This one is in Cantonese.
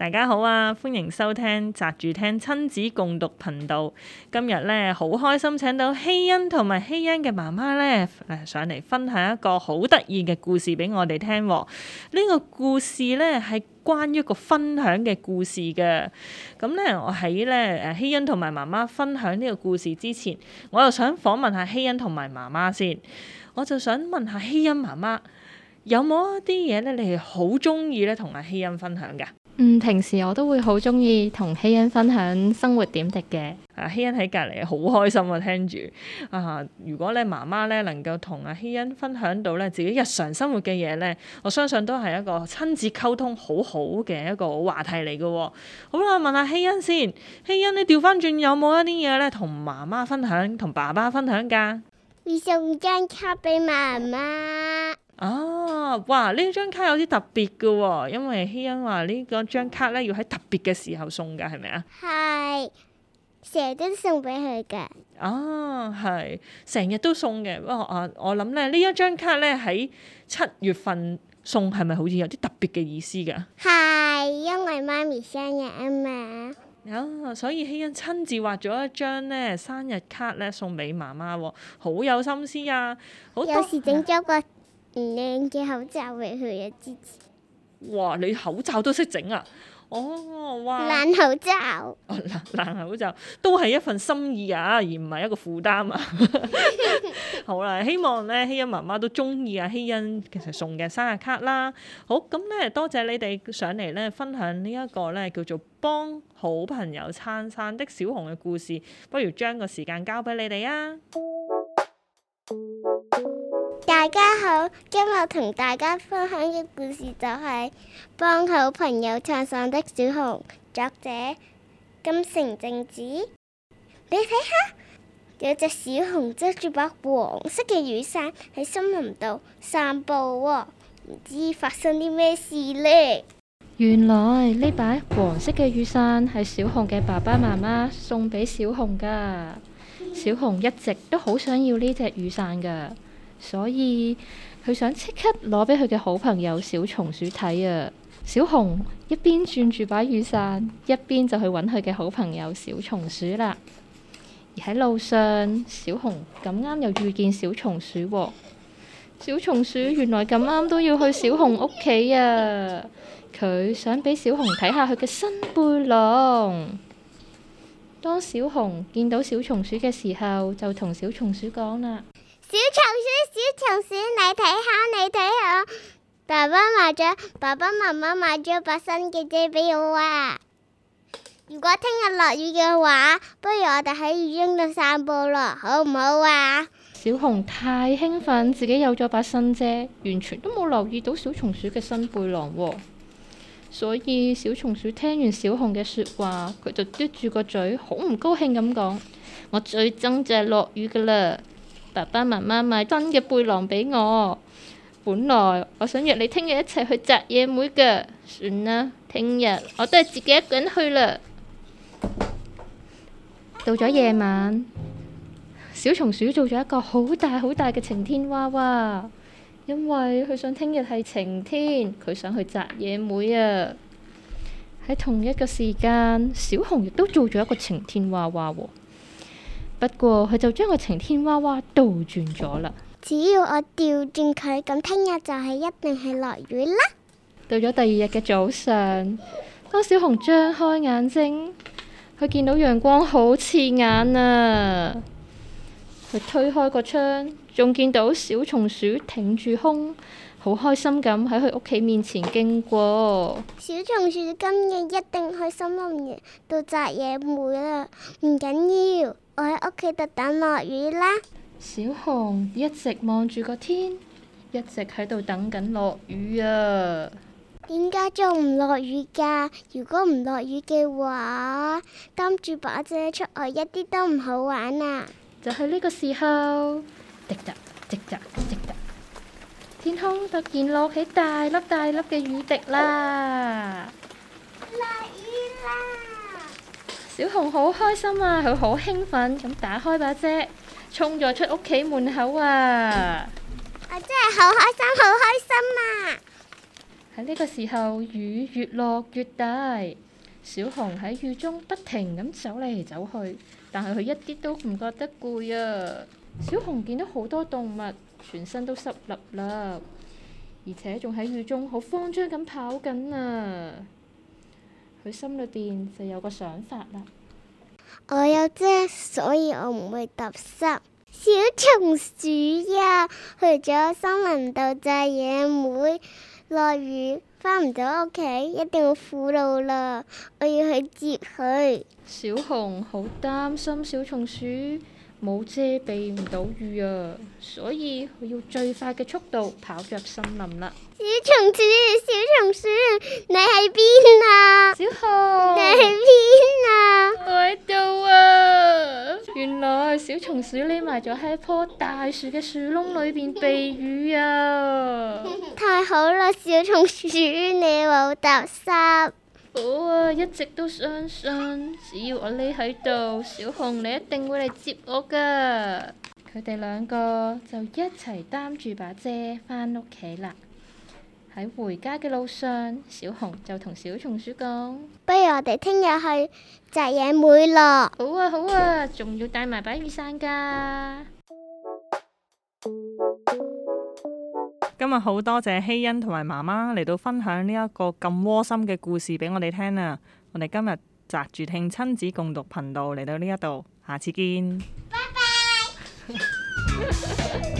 大家好啊，歡迎收聽宅住聽親子共讀頻道。今日咧好開心，請到晞茵同埋晞茵嘅媽媽咧，上嚟分享一個好得意嘅故事俾我哋聽。呢個故事咧係關於一個分享嘅故事嘅。咁咧，我喺咧誒晞茵同埋媽媽分享呢個故事之前，我又想訪問下晞茵同埋媽媽先。我就想問下晞茵媽媽，有冇一啲嘢咧，你係好中意咧同阿晞茵分享嘅？嗯，平時我都會好中意同晞茵分享生活點滴嘅。阿、啊、晞茵喺隔籬，好開心啊！聽住啊，如果咧媽媽咧能夠同阿晞茵分享到咧自己日常生活嘅嘢咧，我相信都係一個親子溝通好好嘅一個話題嚟嘅、哦。好啦，問下晞茵先，晞茵你調翻轉有冇一啲嘢咧同媽媽分享，同爸爸分享噶？你送張卡俾媽媽。啊、哦！哇，呢張卡有啲特別嘅、哦，因為晞茵話呢個張卡咧要喺特別嘅時候送嘅，係咪啊？係，成日都送俾佢嘅。啊、哦，係成日都送嘅。不過啊，我諗咧呢一張卡咧喺七月份送，係咪好似有啲特別嘅意思嘅？係，因為媽咪生日啊嘛。啊、哦，所以晞茵親自畫咗一張咧生日卡咧送俾媽媽喎，好有心思啊！好有時整咗個唔靚嘅口罩俾佢啊！支持哇！你口罩都識整啊？哦，哇！爛口罩，爛爛、哦、口罩都係一份心意啊，而唔係一個負擔啊！ 好啦，希望咧晞茵媽媽都中意啊，晞茵其實送嘅生日卡啦。好咁咧，多謝你哋上嚟咧分享呢一個咧叫做幫好朋友撐傘的小熊嘅故事。不如將個時間交俾你哋啊！大家好，今日同大家分享嘅故事就係、是、幫好朋友撐傘的小熊，作者金成正子。你睇下，有隻小熊執住把黃色嘅雨傘喺森林度散步喎、哦，唔知發生啲咩事呢？原來呢把黃色嘅雨傘係小熊嘅爸爸媽媽送俾小熊噶，小熊一直都好想要呢隻雨傘噶。所以佢想即刻攞俾佢嘅好朋友小松鼠睇啊！小熊一邊轉住把雨傘，一邊就去揾佢嘅好朋友小松鼠啦。而喺路上，小熊咁啱又遇見小松鼠喎、啊。小松鼠原來咁啱都要去小熊屋企啊！佢想俾小熊睇下佢嘅新背囊。當小熊見到小松鼠嘅時候，就同小松鼠講啦。小松鼠，小松鼠，你睇下，你睇下，爸爸買咗爸爸媽媽買咗把新嘅遮俾我啊！如果聽日落雨嘅話，不如我哋喺雨中度散步咯，好唔好啊？小熊太興奮，自己有咗把新遮，完全都冇留意到小松鼠嘅新背囊喎啊。所以小松鼠聽完小熊嘅說話，佢就嘟住個嘴，好唔高興咁講：我最憎就係落雨㗎喇！爸爸媽媽買真嘅背囊俾我，本來我想約你聽日一齊去摘野莓嘅，算啦，聽日我都係自己一個人去啦。到咗夜晚，小松鼠做咗一個好大好大嘅晴天娃娃，因為佢想聽日係晴天，佢想去摘野莓啊。喺同一個時間，小熊亦都做咗一個晴天娃娃喎。，不過佢就將個晴天娃娃倒轉咗啦。只要我調轉佢，咁聽日就係一定係落雨啦。到咗第二日嘅早上，當小熊張開眼睛，佢見到陽光好刺眼啊！佢推開個窗，仲見到小松鼠挺住胸。好開心咁喺佢屋企面前經過。小松鼠今日一定去森林度摘野莓啦，唔緊要，我喺屋企度等落雨啦。小熊一直望住個天，一直喺度等緊落雨啊！點解仲唔落雨㗎？如果唔落雨嘅話，擔住把遮出外一啲都唔好玩啊！就喺呢個時候，滴答滴答滴答。天空突然落起大粒大粒嘅雨滴啦！落雨啦！小熊好開心啊，佢好興奮，咁打開把遮，衝咗出屋企門口啊！我真係好開心，好開心啊！喺呢個時候，雨越落越大，小熊喺雨中不停咁走嚟走去，但係佢一啲都唔覺得攰啊！小熊見到好多動物。全身都濕立立，而且仲喺雨中好慌張咁跑緊啊！佢心裏邊就有個想法啦。我有遮，所以我唔會揼濕。小松鼠呀，去咗森林度摘野莓，落雨返唔到屋企，一定苦惱啦！我要去接佢。小熊好擔心小松鼠。冇遮避唔到雨啊，所以佢要最快嘅速度跑入森林啦。小松鼠，小松鼠，你喺邊啊？小熊。你喺邊啊？我喺度啊！原來小松鼠匿埋咗喺棵大樹嘅樹窿裏邊避雨啊！ 太好啦，小松鼠，你冇搭訕。好、哦、啊，一直都相信，只要我匿喺度，小熊你一定會嚟接我㗎。佢哋兩個就一齊擔住把遮返屋企啦。喺回家嘅路上，小熊就同小松鼠講：，不如我哋聽日去摘、就是、野莓咯。好啊，好啊，仲要帶埋把雨傘㗎。今日好多謝晞茵同埋媽媽嚟到分享呢一個咁窩心嘅故事俾我哋聽啦！我哋今日宅住聽親子共讀頻道嚟到呢一度，下次見，拜拜。